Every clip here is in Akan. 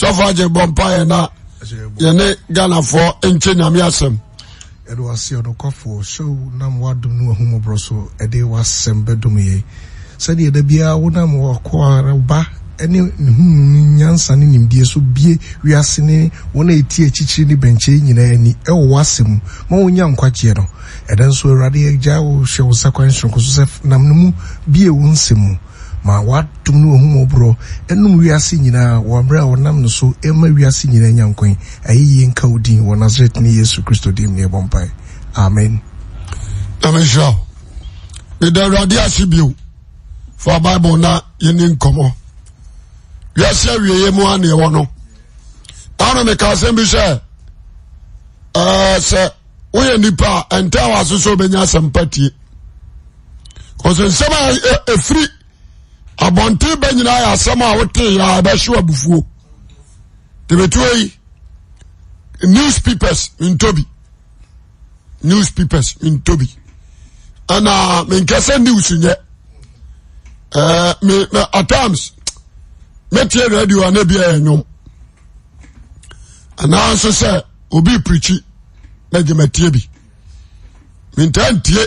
sɔfo agye bɔ mpa yɛ na yɛne ghanafoɔ nkyɛ nyame asɛm ɛde wase ɔdɔkwafoɔ hyɛw nam woadom no ahumɔborɔ so ɛde wasɛm bɛdom yɛ sɛdeɛ da biara wonam wɔkɔ ba ɛne nhunu nyansa ne nimdeɛ so bie wiase ne wɔn a ɛti akyikyiri ne bɛnkyɛ nyinaa ani ɛwɔ w'asɛm ma wonya nkwagyeɛ no ɛda nso awurade agya wo hwɛ wo sa kwan soronko so sɛ nam no mu bie wo nsɛm ma watum no ohum oborɔ ɛnum wiase nyinaa wɔ mmerɛ a wɔnam no so ɛma wiase nyinaa nya nkwan yie nka wo wɔ nasaret ne yesu kristo dim ne ɛbɔ mpae amen namenhyira wo meda awurade ase bio fa bible na yɛni nkɔmmɔ wiase awieɛ mu a ne ɛwɔ no ano meka asɛm bi sɛ sɛ woyɛ nipa a wa wɔ aso so wobɛnya asɛmpa tie ɔsɛ nsɛm a ɛfiri e-, abonte ba nyina yɛ asam a wo tea bahewo abufuo te betuoi newspepers mentobi nspepers mento bi ana menkese nne wusuyeattimes eh, metie radio ana bia yɛ wom ananso sɛ obi prichi megyemetie bi mitantie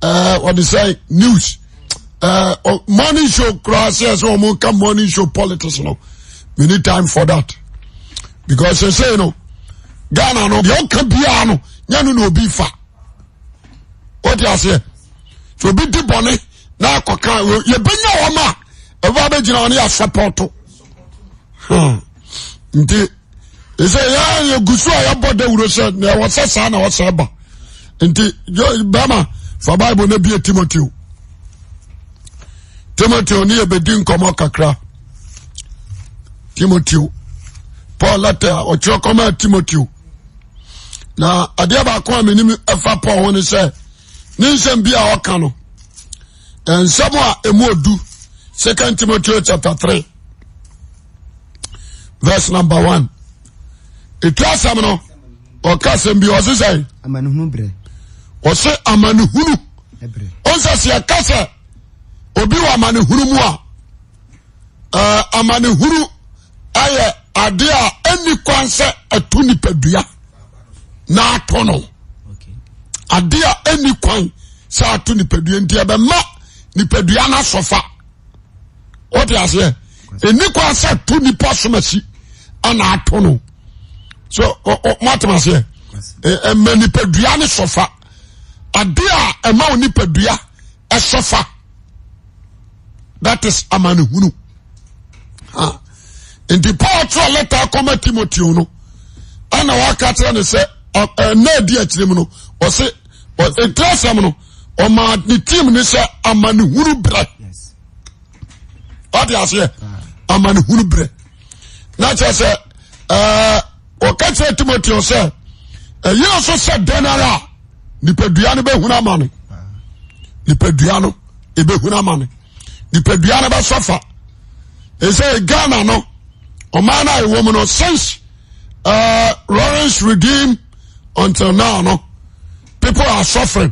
Uh, wɔde sɛ news uh, oh, morning show koraa sɛ sɛ ɔmo ka morning show politics no we need time for that because sɛ sɛ no ghana no deɛ ɔka biara no nyɛ no na obi fa wote aseɛ sɛ obi di bɔne na akɔka yɛbɛnya wɔm a ɛba bɛgyina hɔ no yɛasɛpɔto nti ɛsɛ yɛ yɛgu so a yɛbɔ dawuro sɛ na ɛwɔ sɛ saa na ɔsɛ ba nti bɛma fa bible no bie timoteo timoteo ne yɛbɛdi nkɔmmɔ kakra timoteo paul letter a ɔkyerɛ kɔma a timoteo na adeɛ baako a menim ɛfa paul ho ne sɛ ne nsɛm bi a ɔka no nsɛm a ɛmu odu second timoteo chapter Three, verse number One. ɛtu asɛm no ɔka asɛm bi ɔse sɛ ose amanehuru ɔnsɛsiɛ kɛsɛ obi wo amanehuru mu a eh, amanehuru ayɛ ade a anikwan sɛ ato nipadua naatono adea anikwan sɛ ato nipadua ntiabɛma nipadua na sofa woteaseɛ nikwan sɛ ato nipa somasi anaatono so moatemaseɛ ma eh, nipadua ne sɔ fa adeɛ a ɛma wo nipadua ɛsɛ fa that is amanehunu nti paul twerɛ letter kɔma timoteo no ana waka kyerɛ no sɛ ɛna adi akyire mu no ɔse ɛtira sɛm no ɔma ne tim ne sɛ amanehunu berɛ ɔde aseɛ amanehunu berɛ na kyerɛ sɛ ɔka kyerɛ timoteo sɛ ɛyɛ so sɛ dɛn aau mae nipadua no bɛsɔ fa ɛisɛ ghana no ɔma na womu no sinse rawrens uh, redeem until no no peple a sufrin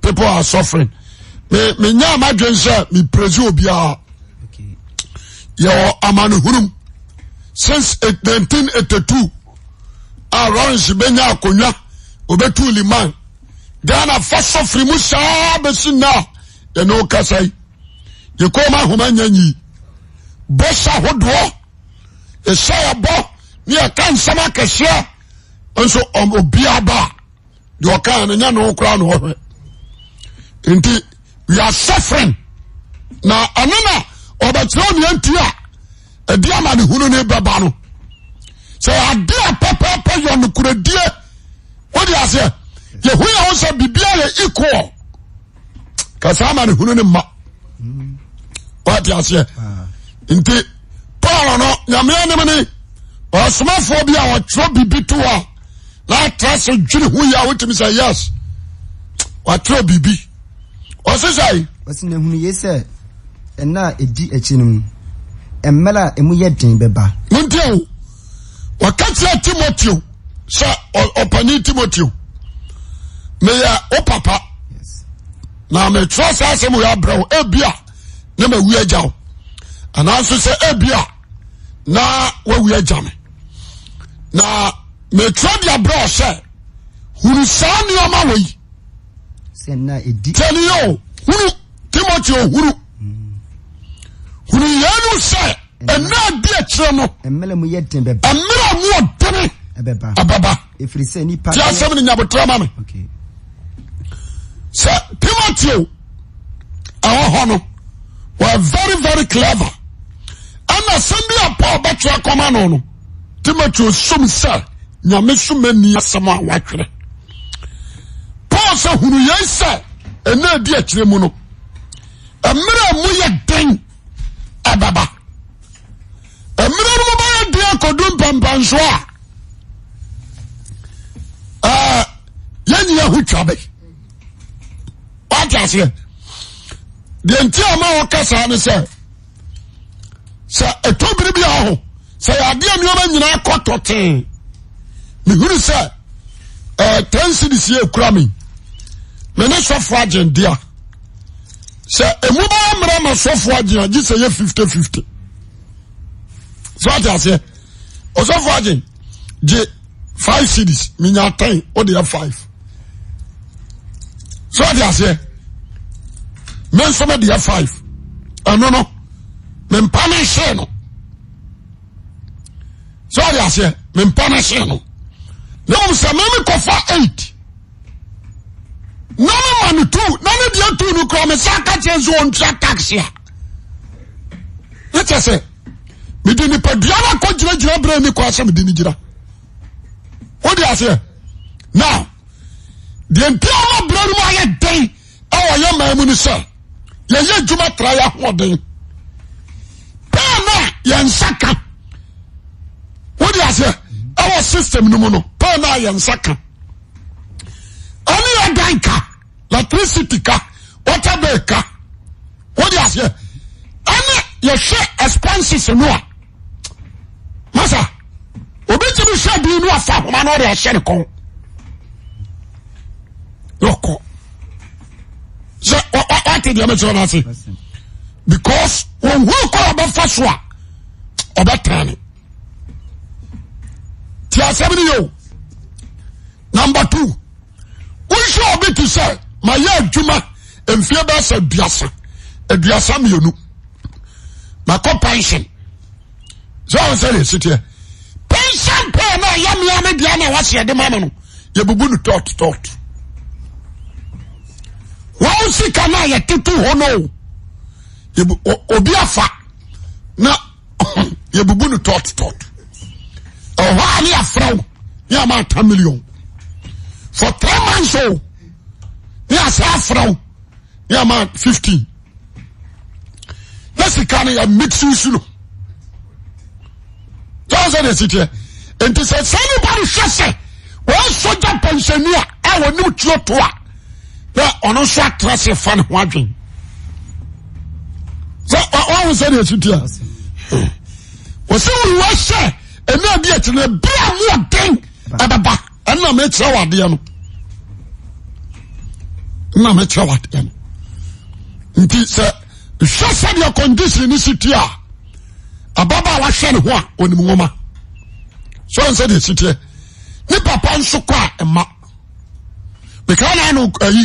peple a sufrin menyamadwen sɛ mepresi obiara yɛɔ amanehurum sinse 1982 a rorens bɛnya akowa obɛtu li ma danafa sufri mu saa bɛsina nkasoaho sɛbɔ na yɛka nsɛm akɛsɛ so asɛfre na nena ɔbɛkyerɛ oneantu a ɛdi mane hunn ɛbano sɛ adea pɛpɛpɛ yono koradie wode aseɛ yɛhu yɛ ho sɛ biribia yɛ equal ka saa ma ne hunu ne ma wate aseɛ nti paul no nyame anim ne ɔsomafoɔ bi a ɔtwerɛ biribi to a na atra sɛ dwene ho yɛ a wotumi sɛ yes watwerɛ biribi ɔse sɛe ɔse na hunu ye sɛ ɛna ɛdi akyi no mu mmerɛ a ɛmu yɛ den bɛba nontiɛ wo wɔka kyerɛ timoteo sɛ ɔpani timotyo meyɛ wo papa na metyerɛ saa sɛ mwi abrɛwo abi e a ne mawua agyawo ana nso sɛ abi a na woawia gya me na metwerɛ de aberɛɔ sɛ hurusaa neɔma we e i tniyɛ huru timotyo huru huruyanom sɛ ɛnɛ e bia kyerɛ no merɛmuɔdene ɛbɛbatasɛm no nyabotara ma me sɛ timoteo hɔhɔ no wɔ veryvery clever ana sɛm bi a paul bɛtwerɛ kɔma no no timoteo som sɛ nyame soma ni asɛm a woatwerɛ paul sɛ hunuyei sɛ ɛna di akyirɛ mu no mmerɛ a mu yɛ den bɛba merɛ no mbɛyɛ denakdpapansoa twabe wate aseɛ deɛ nti a ma wɔka saa ne sɛ sɛ ɛtɔ biri bi a ho sɛ yɛadeɛ nneɔma nyinaa kɔtɔ tee mehuru sɛ tansidesie ɛkura me mene sɔfoɔ agyende a sɛ ɛmu baa mmerɛ ma sɔfoɔ agyen agye sɛ yɛ 5050 sɛ wate aseɛ ɔsɔfoɔ agyen gye 5 cities menya 10 wode yɛ 5 sɛ ɔde aseɛ me nso me deɛ five ɛno ah, no mempa no hyee no sɛ ɔde aseɛ mempa no hyee no na mmom sɛ meme kɔfa eight na mema no two na ne deɛ two no kora mesa ka kyerɛ sɛ ɔntua taxi a ne kyɛ sɛ mede nipadua no akɔ gyinagyina berɛ ni kɔa sɛ mede no gyina wode aseɛ now deɛ ntia ma no mu ayɛ den ɛwɔ yɛ maa mu no sɛ yɛyɛ adwuma tra yɛ ahoɔden paa na yɛnsa ka wode aseɛ ɛwɔ system no mu no paa na yɛnsa ka ɔne yɛdan ka electricity ka water bill ka wode aseɛ ɛne yɛhwɛ expenses no a masa obi tumi hwɛ bi no afa homa na ɔde ahyɛ ne kɔn yɔkɔ sɛ ɔte deɛ ɔbɛkyerɛ no ase because wɔn hu kɔ ɔbɛfa so a ɔbɛtena ne te asɛm no yɛo number two wohwɛ ɔbi te sɛ mayɛ adwuma mfie bɛɛ sɛ aduasa aduasa mmienu makɔ pension sɛ ɔn sɛ yɛsiteɛ pension pɛɛ na ɛyɛ mmea me deɛ na wɔhyɛ de ma me no yɛbubu no tɔt tɔt wɔwo sika noa yɛtete hɔ noo obi afa na yɛbubu no tɔttɔ ɔhɔa ne yafraw ne ama ta million fo 3ra mans o ne asaa fraw ne ama 5 na sika no yɛmisws noɛɛ nb nohwɛ sɛ ɔaso gya pɔnsanu a a ɔnem tuo toa yɛ ɔno nso atra se fa ne ho adwen sɛ wahu sɛdeɛ asiti a wɔsɛ wuwa hyɛ ɛne adi akyi no ɛberɛ a ɛbɛba ɛnna mekyerɛ wɔ adeɛ no nna mekyerɛ wɔ adeɛ no nti sɛ hwɛ sɛdeɛ condition no siti a ababa a wahwɛ ne ho a ɔnim nwoma so ɔn sɛdeɛ sitiɛ ne papa nso kɔ a ɛma mekaw na ano ayi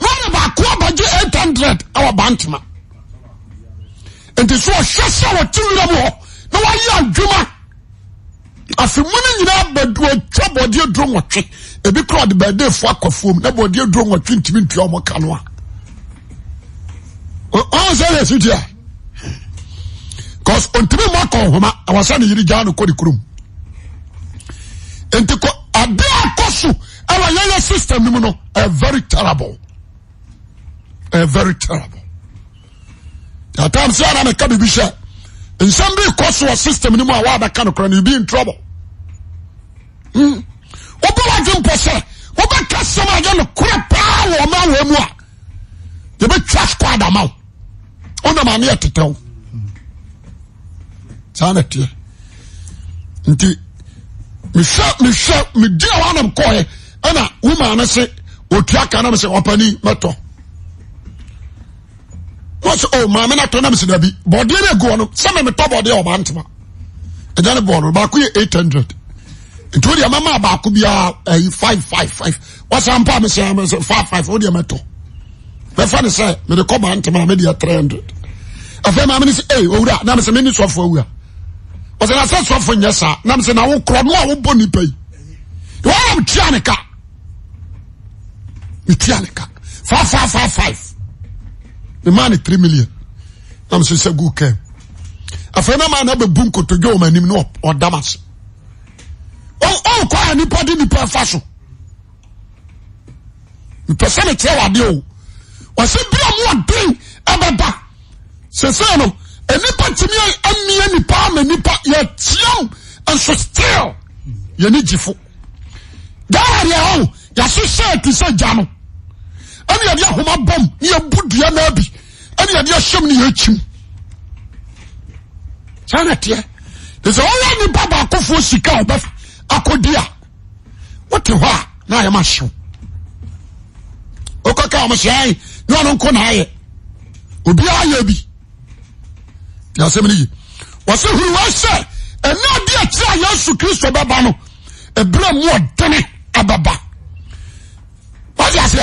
wọn baako abagye eight hundred ɛwɔ bantama nti so ɔhyɛ sɛ wɔte wura mu hɔ na wɔayɛ adwuma afimuni nyinaa bɛtwa bɔdeɛ duro nwɔtwe ebi kura ɔde bɛɛdeefo akɔfoɔ mu na bɔdeɛ duro nwɔtwe ntumi ntua ɔmo ka no a ɔn sɛ yɛ si tia cause ntumi mu akɔ nhoma awasa ne yiri gyaa no kɔ ne kurom nti kɔ adeɛ akɔ so ɛwɔ yɛyɛ system no mu no ɛyɛ very terrible. Eh, very terrible tmesekae sam bekoswo systemnmekakben trle obedepse oeka semene kro pa omam yee taskodamaen eeenen omanese tuakanes pan meto ee akoe eh un0ed od mema bako ba mema ne three million na meso sɛ gu kam afei na ma na bɛbu nkotodwa wɔm anim ne ɔdam ase ɔnkɔ a nipa de nipa fa so mepɛ sɛ mekyerɛ wadeɛ o bi a mu ɔden ɛbɛba sɛsɛ no nipa tumi amia nipa ama nipa yɛtiam nso still yɛne gyifo daa deɛ hɔ yɛahyehyɛ ti sɛ gya no ɛne yɛde ahoma bɔm ne yɛbu dua no abi ɛne yɛde ahyɛm ne yɛakyim saa na teɛ te sɛ wɔwɔ nipa baakofoɔ sika a ɔbɛ akɔdi a wote hɔ a na ayɛ ma hyew wokɔka ɔmo sɛ ɛe ne ɔno nko na ayɛ obiara ayɛ bi te asɛm no yi wɔsɛ huruwa sɛ ɛne ade akyerɛ a yesu kristo bɛba no ɛberɛ mu ɔdene Ababa. wode ase.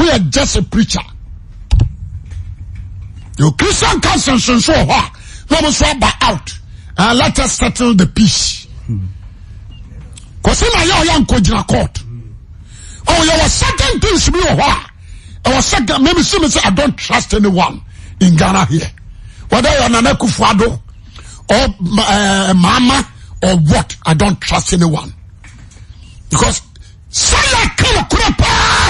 we are just a preacher your christian council nso show hɔ Let us wɔn out and uh, let us settle the peace Because in yà young nkò court oh, yɛ wɔ certain things me wɔ what? a was certain maybe see me say i don't trust anyone in ghana here whether are nana kufu ado or uh, mama or what i don't trust anyone because sáyà can kúrẹ paa.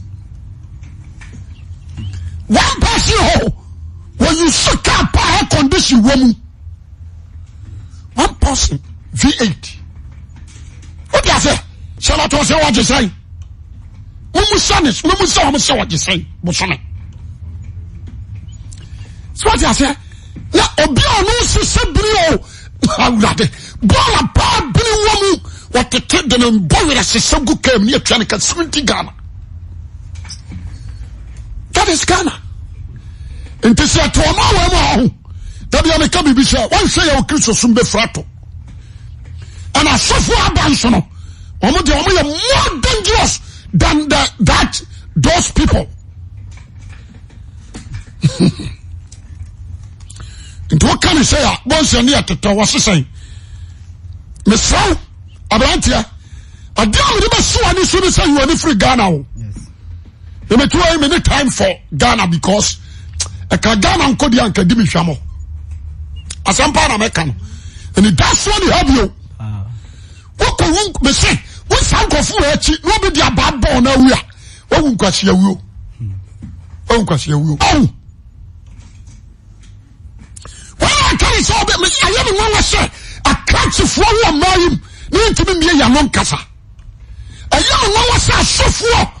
one person hɔ wɔyi sika pa air condition wɔ mu one person v8 wodi ase sɛlɛtɔ sɛ wɔgye sɛn wɔmu sɛ ne wɔmu sɛ wɔmu sɛ wɔgye sɛn bosome sɛ wɔdi ase na obi a ɔno sisɛ biri o awurade bɔɔla paa biri wɔ mu wɔtete de ne mbɔ werɛ sisɛ gu kam ne atwa ne ka seventy ghana that is Ghana nti to ɛto ɔmo awɔ mu aho are. a meka biribi sɛ wɔnhwɛ yɛ wɔ kristo som bɛfura to ɛna asɔfo aba nso no ɔmo deɛ ɔmo yɛ more dangerous than the, that those people nti woka ne sɛ a bɔnsɛ the yɛ tetɛ wɔ sesɛn mesrɛ wo aberanteɛ adeɛ a mede bɛsoa be so you are yɛne free ghana wo emetu oyi mi ni time for ghana because ɛka ghana nkodi a nka di mi hwam asampa na mɛka no ɛni dasoɔ ni ha bio ah. wokɔ wu mese wosan nkɔfo wɔ akyi na obi di aba bɔn na awu a wawu nkwasi awuo wawu nkwasi awuo awu wɔn a kari sɛ ɔbɛ mese ayɛ mi nwanwa sɛ akrantifoɔ wɔ mmaa yi mu ne ntumi mie yɛ ano nkasa ayɛ mi nwanwa sɛ asofoɔ.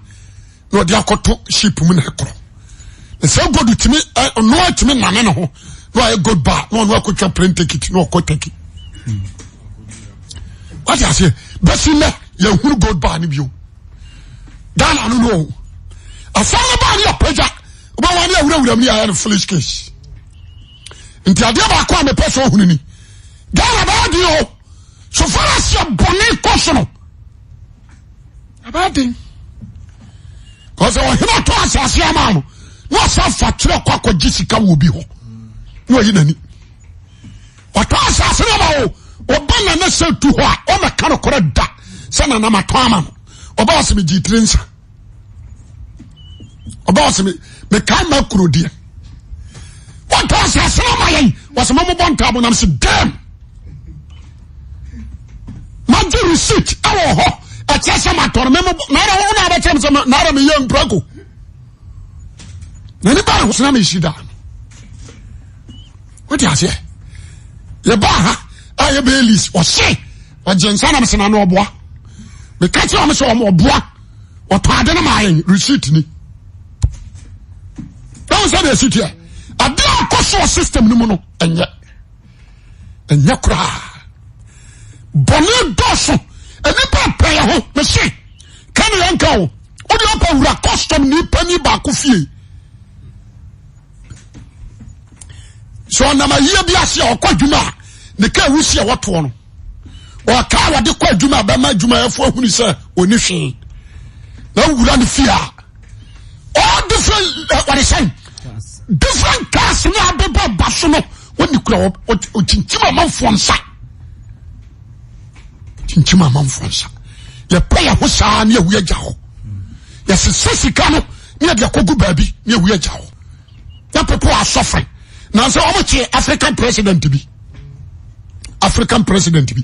na ɔde akɔtɔ sheep mu na ɛkorɔ na sɛ gold tumi ɛ ɔnoa tumi nane ne ho na ɔyɛ gold bar na ɔnoa akɔtwa plain ticket na ɔkɔ turkey wate aseɛ bɛsi nɛ yɛhunu gold bar ne bio ghana no no o asɔre baa ne yɛpagya wobɛwa ne awurawura mu ne yɛayɛ no foolish case nti adeɛ baako a mepɛ sɛ ɔhunu ni ghana bɛyɛ den o sofara seɛ bɔne kɔ so no ɛbɛyɛ den ɔsɛ ɔhene to asase ama no na ɔsɛ fa kyerɛ kɔ akɔgye sika wɔ bi hɔ na ɔyi n'ani ɔtɔ asase no ma o ɔba nana sɛ tu hɔ a ɔmɛka no korɔ da sɛ nanam atɔ ama no ɔba ɔsɛ me gye tiri nsa ɔba ɔsɛ me mekae ma kuro deɛ ɔtɔ asase no ma yɛn ɔsɛ ma mobɔ ntaabo nam sɛ dam magye receipt ɛwɔ hɔ tre see tao nside te eep seek so stem ye ye kra bone doso ɛnipa pɛyɛ ho mese kane yɛnka wo wode ɔpɛ wura custom nipa ni baako fie sɛ ɔnam ayie bi ase a ɔkɔ adwuma a ne ka ɛwo si a wɔtoɔ no ɔkaa wɔde kɔ adwuma a bɛma adwumayɛfoɔ ahunu sɛ ɔni na wura no fie a all different wɔde sɛn different cars ne abɛbɔ ba so no wɔne kura ɔkyinkyim amanfoɔ nsa nkim mamf saɛɛɛhonaeɛa aaak africanpresident bi african president bim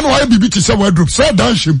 ndɛa birbi t sɛ wdsɛda syɛm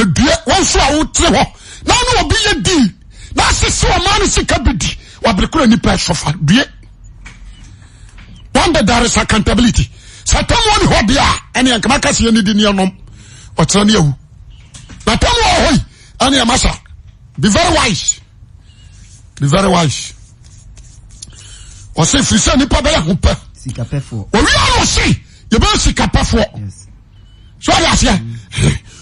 e r np soa e accontablity e se frise nip ehe se e sikapef oese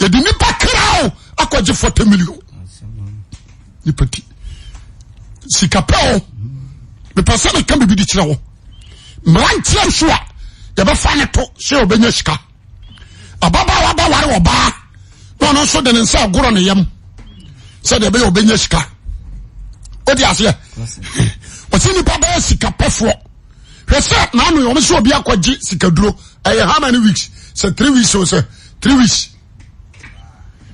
yɛde nipa krao akɔgye 40 million nipa ti sika pɛ o mepɛ sɛ meka biribi de kyerɛ wo mmeranteɛ nso a yɛbɛfa ne to sɛ ɔbɛnya sika ababaawa ba ware ɔbaa na ɔno nso de ne nsa agorɔ ne yam sɛdeɛ ɛbɛyɛ ɔbɛnya sika wode aseɛ ɔsɛ nipa bɛyɛ sika pɛfoɔ hwɛ sɛ naano ɔmo sɛ obi akɔgye sikaduro ɛyɛ how many weeks sɛ three weeks o sɛ three weeks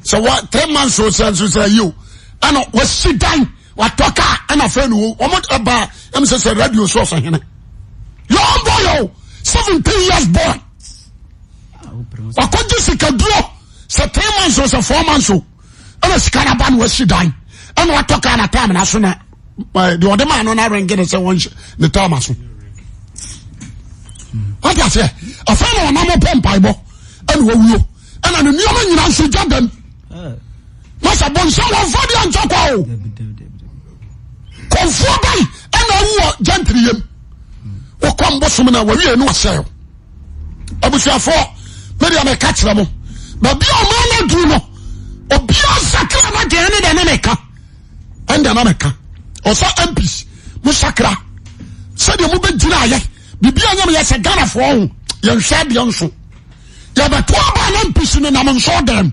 sɛ wa three months o sɛ nso sɛ yi o ɛna wasi dan watɔ kaa ɛna fɛn no wo wɔn ɛba ɛmu sɛ sɛ radio so ɔsɛ hene yɔn boy o seventeen years boy ah, wakɔgye sika duro sɛ three months o sɛ four months o ɛna sika na ba na wasi dan ɛna watɔ kaa na taama na so na ɛɛ deɛ ɔde maa no na rengi ne sɛ wɔn hyɛ ne taama so wati ase ɛfɛn na ɔnam pɔmpa ibɔ ɛna wɔwuo ɛna ne nneɛma nyinaa nso gya dɛm. seose ouo ditok kovo ba na w gentreye o enpisno namoderem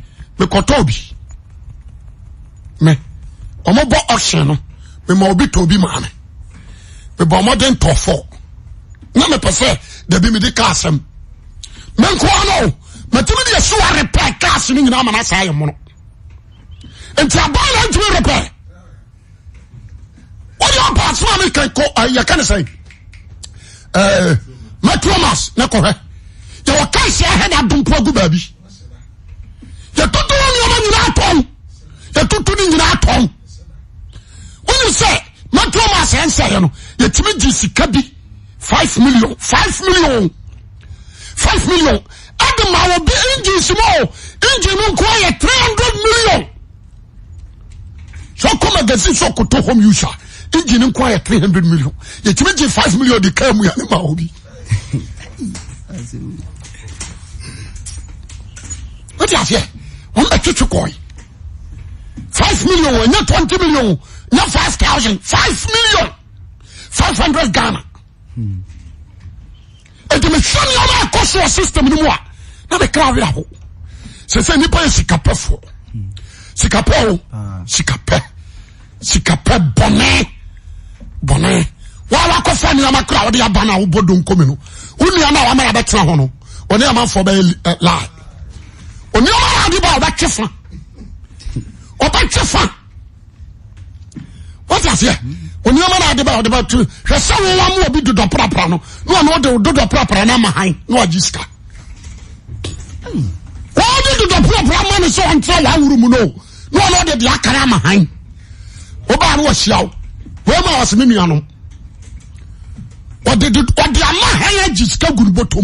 mekotobi me omebɔ othen no mema obi tobi maame meba omoden tofo ne mepese dabi mede ka sem enkametimi neysowa repe kas no yinamansaymono nti abanntimi repe odpasemamykenese matrmaskasee adompg b oo a nyinaɔytoto ne nyina tɔ onyim sɛ matuamu asɛ nsɛeɛ no yɛtumi gye sika bi 5miin5mili5milin ade ma wɔbi ngyin smu ɔ nyino nko yɛ 300 milliɔn00 ba tutuko fie million ya t0 million ye fitousandfe million feun0red gan ks yte òní ọmọ adi ba bá ọbẹtwe fa ọbẹtwe fa wọ́n ti àfẹ́ òní ọmọ adi bá ọbẹtwe tu hwẹ sẹ wọn wọn mú obi dodo prapra no ní wọn ọdẹ dodo prapra na ma hàn ní wọn jí sika wọn dodo prapra mọ ní sọ wọn tẹ wàá wúru mu náà ní wọn ọdẹ di akara ma hàn wọn bá wọn ṣíà o wọn bá wọn sì mímu yàn no ọdẹ ama hàn yẹn sika gùn bọ́tọ̀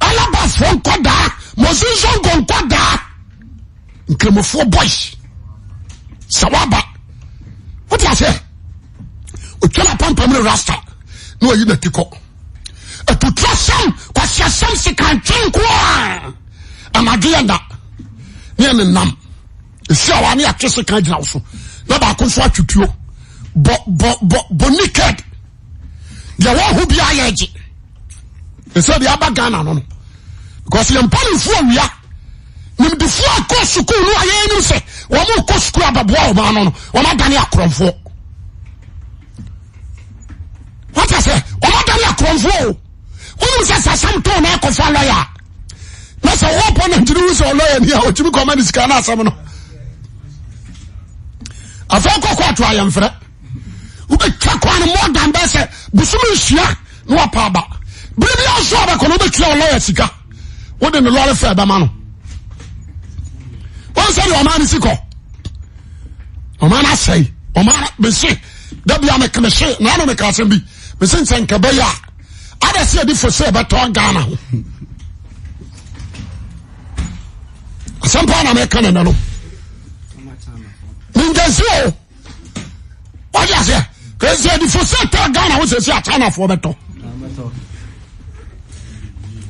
alabafoɔ nkɔdaa mosonsonko nkɔdaa nkramofoɔ boys sɛ waba wote asɛ otwa na pampam ne rasta na wayi nati kɔ atutura sɛm kwasiasɛm sikantwenkoa anadwo yɛ nda ne ɛne nam ɛsi a waa ne yɛatwe sekan gyina wo so na baako nso atwutuo bɔ bɔ bɔ bɔ niked deɛ wɔho biaa yɛ agye sib ba gana nono because yampanefuo wia memedefukosuku ɛ som sua na wapaba bere bi sua ekone beta l sika wode nelle fe eman sedasise assitanaf beto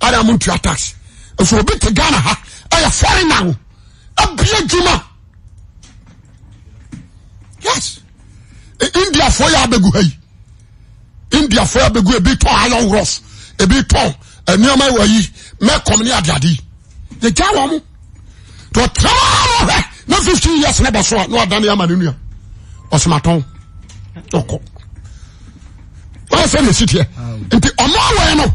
ana mo ntua tax nso obi te ghana ha ɛyɛ foreigner o abie juma yes e, India indiafoɔ yɛ abegu ha yi indiafoɔ yɛ abegu ebi tɔn iron ross ebi tɔn nneɛma wɔ yi mɛkɔm ne adeade yi yɛ gya wɔn mo tɔ traa mo hɛ na fifteen years ne bɛ so a na ɔdan ne ama ne nua ɔsomatɔn ɔkɔ wɔyɛ sɛ ne si teɛ nti ɔmo awɔ yɛ no.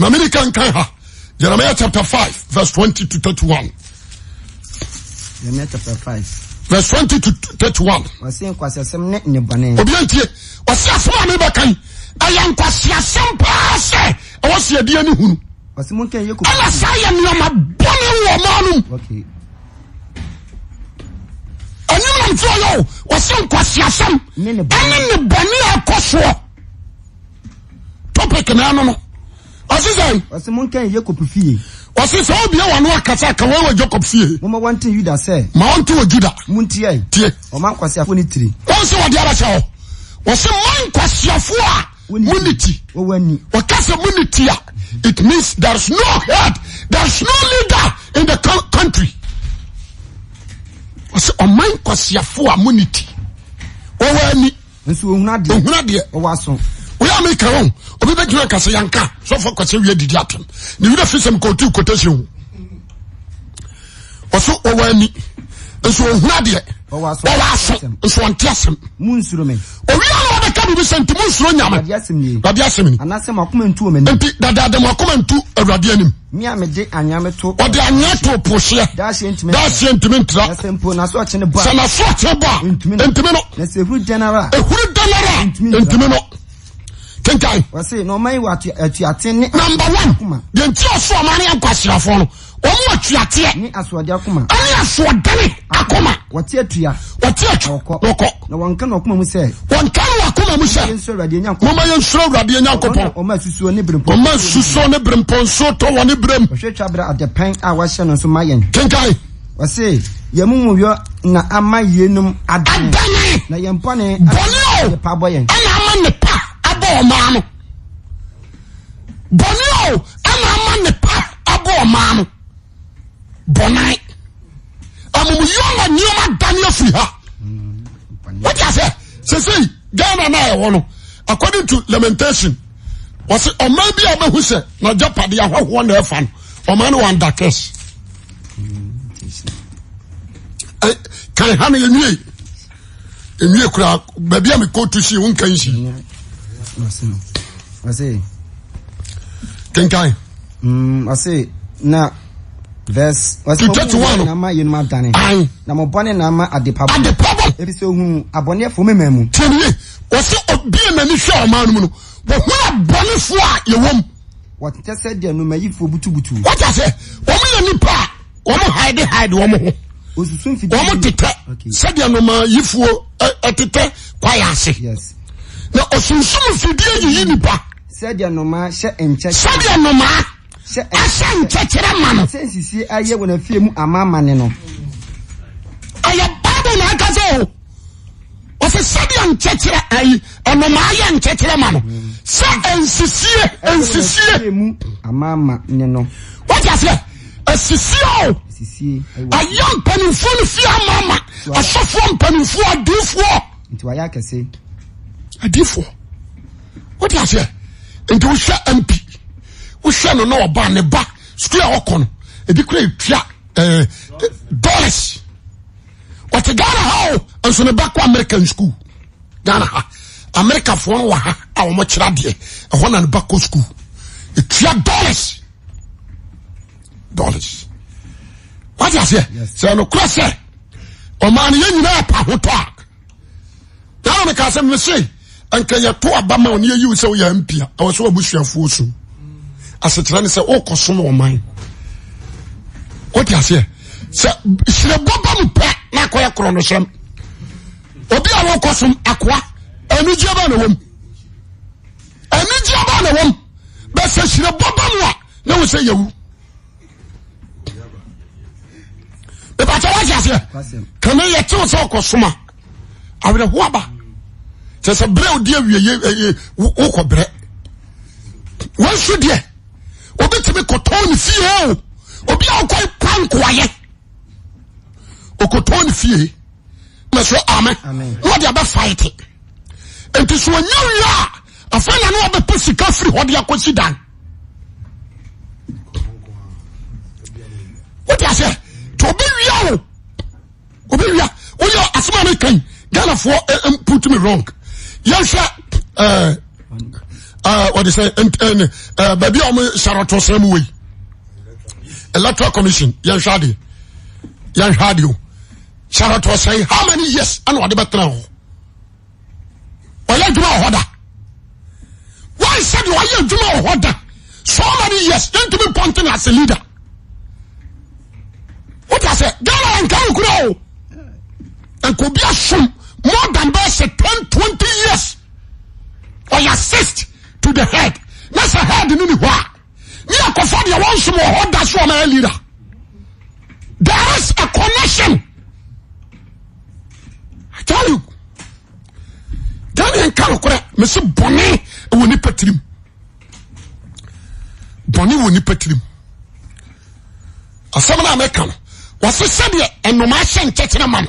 mamede ka nkan ha jeremiah chapter five verse twenty to thirty one jeremiah chapter five verse twenty to 31 wɔse nkwaseasɛm ne nnebɔne obia ntie wɔse asɛm a mebɛkan ɛyɛ nkwaseasɛm paa sɛ ɛwɔ seadeɛ ne hunu ɛna saa yɛ nneɔma bɔne wɔ ɔma nom ɛnim nam teɛ yɛ o wɔse nkwaseasɛm ɛne ne bɔne a ɛkɔ soɔ topic na ɛno no ɔsesɛn. ɔsi mun kɛn jacob fie. ɔsi sɛ obi awa no akasa ka wɔn wɔ jacob fie. mo ma wɔn ti yuda sɛ. ma wɔn ti wɔ juda. mun tiɛ yi. tiɛ. ɔma nkwasiafo ni tiri. wɔn sɛ wɔde ara sɛ hɔ wɔsi ma nkwasiafo a mun ni ti. wɔwɔ ni. wɔkasa mun ni ti a it means there is no head there is no leader in the country. wɔsi ɔma nkwasiafo a mun ni ti. wɔwɔ ni. nso ohun adeɛ. ohun adeɛ. wɔwɔ aso na mi kan o obi bɛ gyina kasa yanka sɔfo kɔsɛ wiye didi atam ne wura fi sɛm kootu kotation wɔso ɔwɔ ani nso ohun adeɛ ɔwɔ aso nso ɔnte asɛm owi a ɔbɛ ka bibi sɛ nti mu nsoro nyame dadeɛ asɛm ni nti dadaada mu akoma ntu awurade anim ɔde anwea to poseɛ daaseɛ ntumi ntira sɛ naso ɔkyene bɔ a ntumi no ehuru danara ntumi no kenkan. wɔsi na ɔman yi wɔ eh, atuate ne. number one yɛn ti ɔsɔ ɔman ne yɛn kɔ asirafo no wɔn wɔ atuateɛ. ne asoɔden akoma. ɛne asoɔden akoma. wɔte atua. wɔte atua wɔkɔ. na wɔn kan wɔkoma mu sɛ. wɔn kan wɔkoma mu sɛ. mɔmɔ yɛn suro awurade yɛn nyankopɔ. ɔmɔ susuo ne birempɔn. ɔmɔ susuo ne birempɔn so tɔ wɔ ne birem. wɔhwɛ twabere adepɛn a wɔahyɛ no nso ma yɛn. kenkan. wɔsi yɛn mu mu yɔ na ama yenum adan. na yɛn bɔne. bɔne o. ɛna ama nipa ɔmaa no bɔne o ɛna ama nepa abɔ ɔmaa no bɔnan amumuyɔ na nneɛma dani afiri ha wọ́n ti àṣẹ Ghana náà ẹ̀ no according to lamentation wọ́n sẹ́ ọ̀ma bi a bẹ́ẹ̀ hu sẹ́ na japade ahọ́họ́ na ẹ̀fa no ọ̀ma ni wọ́n da kẹ́sì ẹ kàn hàn yẹn nwiye kura bẹ̀bi àmì kóòtù sí i wọn kàn sí ɔse kenkan ɔse na verse ɔse ɔmu na ma yenum adane na mo bɔne na ma adepabɔ adepabɔ ebi sɛ ohun abɔneɛ fo mɛmɛ mu. tiɛniye ɔse obi a nani hwɛ ɔman no mu no wɔhun abɔnefo a yɛwɔ mu. wɔtɛ sɛ deɛ numayifo butubutu. wɔtɛ sɛ wɔn yɛ nipa a wɔn haide haide wɔn ho wɔn tetɛ sɛdeɛ numayifoɔ ɛtetɛ kwaya na ɔsunsun fidie yiyi nipa. sɛdeɛ nnomaa hyɛ nkyɛkyerɛ. sɛdeɛ nnomaa ahyɛ nkyɛkyerɛ ma no. sɛ nsisi ayɛ wɔn afie mu ama no. ɛyɛ baabu na aka sɛ o oh, wɔsi sɛdeɛ nkyɛkyerɛ ayi nnomaa yɛ nkyɛkyerɛ ma no sɛ nsisie nsisie. ama ama ne no. wɔn ti aseɛ asisie o oh, ayɛ mpanimfoɔ no fie ama asɔfoɔ mpanimfoɔ adiifoɔ. nti wayɛ akɛse. adifo wadeaseɛ nti wohwɛ ampi wohwɛ no n ba neba sl llrs te ganaha nsoneba kɔ american scol afran scl rsoro ɛ ma neya yinaapaho tɔa anneka sɛ mse ɛnka yɛto aba ma ɔne yɛyiw sɛ woyɛ mpia ɛwɔ sɛ wabusuafoɔ su asekyerɛ ne sɛ wokɔ som ɔman wote aseɛ sɛ hyirɛbɔ ba mu pɛ na akɔyɛ korɔ no hyɛm obi a wokɔ som akoa anigyeɛ ba na wɔm anigyeɛ ba na wɔm bɛsɛ hyirɛbɔ ba mu a na wo sɛ yɛwu mepatɛ wote aseɛ kane yɛtew sɛ wokɔ som a awerɛho aba sr r nsode obetemi ktn fie ownkaye tn fie s a d bfait ntsi anpo sikafri ksi dan ganafo potimi ron yewɛ de sɛbabi omo saratse mwei electral commission yyenhwde saratsei how many years ana ade bɛtera yɛ adwuma oh da wasɛde oyɛ adwuma oho da somany years yentimi pntn ase leader wotase garaankawokorao nkbiason mor than besɛ t0 20 years oyassist to the head na sɛ head no ne hɔa neakɔfɔ deɛ wɔnsomɔhɔ da sowamaya leada tereis a connection i tell you gane nka nokorɛ mese bɔne wɔ nipa tirim bɔne wɔ nipa tirim asɛm no a mɛka no wase sɛdeɛ ɛnomaahyɛ nkyɛkyerɛ ma no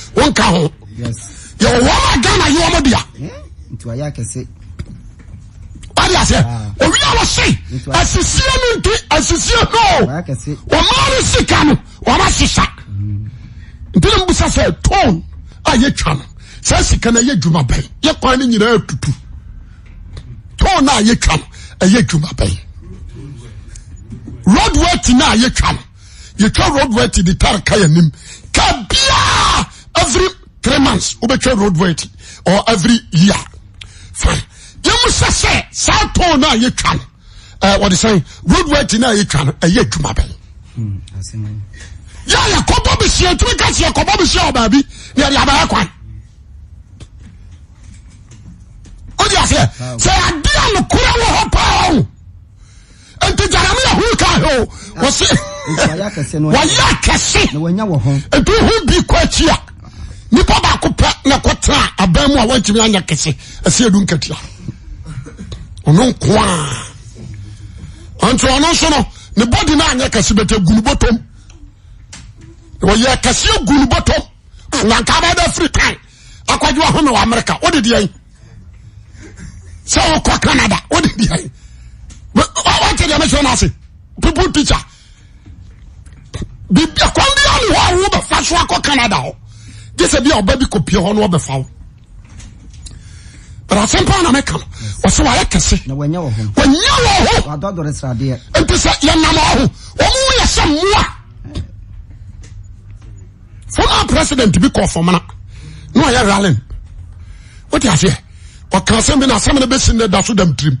kahwmganaywmɔdaɛn hmm? ano ah. sika masesninesɛ ayɛtwa sasiano yɛ dwuabyɛn nyinaayɛwayɛ dwab rway tnyɛayay tetkaan m ɛ sɛ sans tiasɛea sɛ adea nokora w hɔ pa nt gaam ahkaɛkɛsenh kaka nipa bakopɛ na kotera bam wkiy kese sidka no ika anda te sɛ bia ɔba bi kɔpie hɔ no ɔbɛfa wo bẹ̀rẹ̀ asẹ́mpa náà mẹ́ka no wọ́sẹ̀ wàá yẹ kẹsí wọ́nyẹ wọ̀ hó nti sẹ yẹ nam ọ̀hún wọ́n mu yẹ sẹ mua former president bi kọ̀ fọmọ́nà ní ọ̀yẹ́ ralin ó ti àfẹ́ ọ̀kan asẹ́m bi na asẹ́m ni bẹ́ sin ní so dàm tirim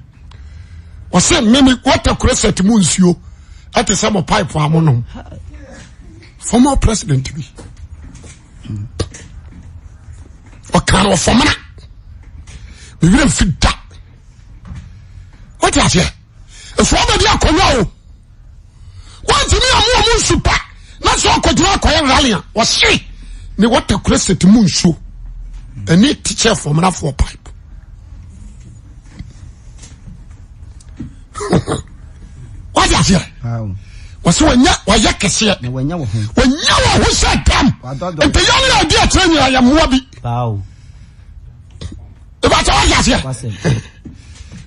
wọ́sẹ̀ mímí wọ́tẹ̀ kúrẹ́ sẹ̀tì mu nsuo ẹ̀ ti sẹ́ paipu amúnum former president bi ɔkra no ɔfɔmena mewerɛ mfi da wote aseɛ ɛfoɔ bɛdi akɔnwa o wontumi amoa mu nsu pa na sɛ ɔkɔgyina akɔyɛ rally a ɔhye ne wɔta kura sɛte mu nsuo ɛne tikyɛ fɔmenafoɔ pipe wote aseɛ wɔsi wɔnyɛ wɔyɛ kɛseɛ wɔnyɛ wɔ ho sɛ dam mpɛyɛ ne adi akyerɛ nyina yɛ mmoa bi ebata wɔyɛ aseɛ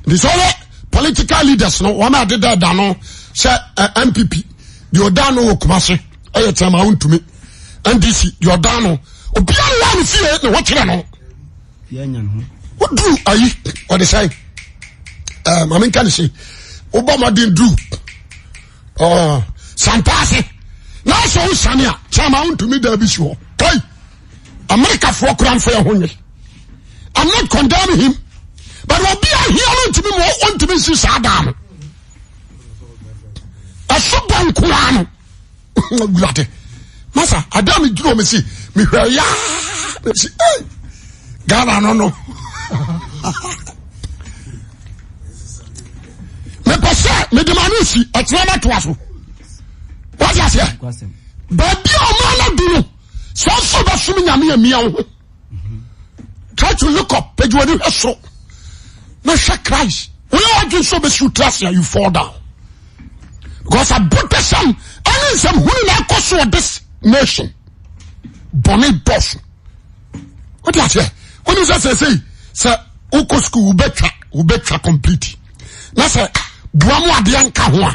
nti sɛ wɔyɛ political leaders no wɔn adeda da no sɛ npp deɛ ɔda no wɔ kumase ɛyɛ tɛm awo ntumi ndc deɛ ɔda no obiara wɔ ne fie na wɔkyerɛ no wodu ayi ɔde sɛ ɛɛ maame nka ne se wobɔ mɔden duru. Oh, sampaase na sɛ wo sane a kyɛma wontumi da bi si hɔ kai amerikafoɔ kora mfa yɛ ho nye I'm not condemning him but obi a hia no ntumi ma ɔntumi nsi saa daa no ɛso bɔ nkoraa no wurade masa ada me dwuro me si mehwɛ yaa mesi ghana no no ata so d a a ooo aa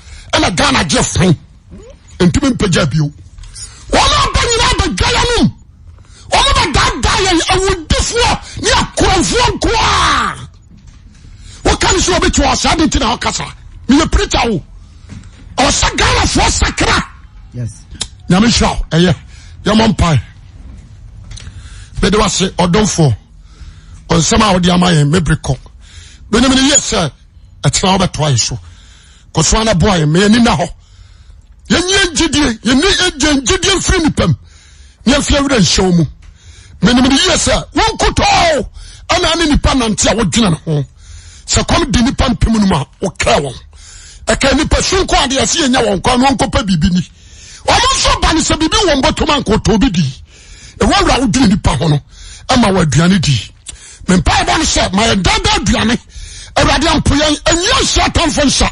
ɛna ghana gye fan ntumi mpagya bio wɔn aba nyinaa ba gaya no wɔn bɛ daadaa yɛn awudifoɔ ne akorɔfoɔ nkoa wɔka ne sɛ wɔbɛti wɔ saa de nti na wɔkasa meyɛ pirikya wo ɔsɛ ghanafoɔ sakra nyame hyira wo ɛyɛ yɛmɔ mpae mede wase ɔdɔmfoɔ ɔnsɛm a wode ama yɛn mɛbere kɔ benimine yɛ sɛ ɛtena wobɛtoa yɛ so kosoa no boa yɛ mayɛni na hɔ yɛnyɛ gyidie yɛni ɛgye gyidie mfiri nipam ne yɛmfi awerɛ nhyɛw mu menim ne yie sɛ wonkotɔo ana ne nipa nante a wodwene ne ho sɛ kɔm de nipa mpem no a wokra wɔn ɛka e nipa sunko ade ɛsɛ yɛnya wɔn kwan na wɔnkɔpɛ biribi ni ɔmo nso ba ne sɛ biribi wɔn bɔtɔm ankɔtɔ bi di ɛwɔ e awura wodwene nipa ho no ama e wɔ aduane di mempaebɔ no sɛ ma yɛ dada aduane awurade ampo yɛn ɛnyɛ nhyɛ atamfo nhyɛ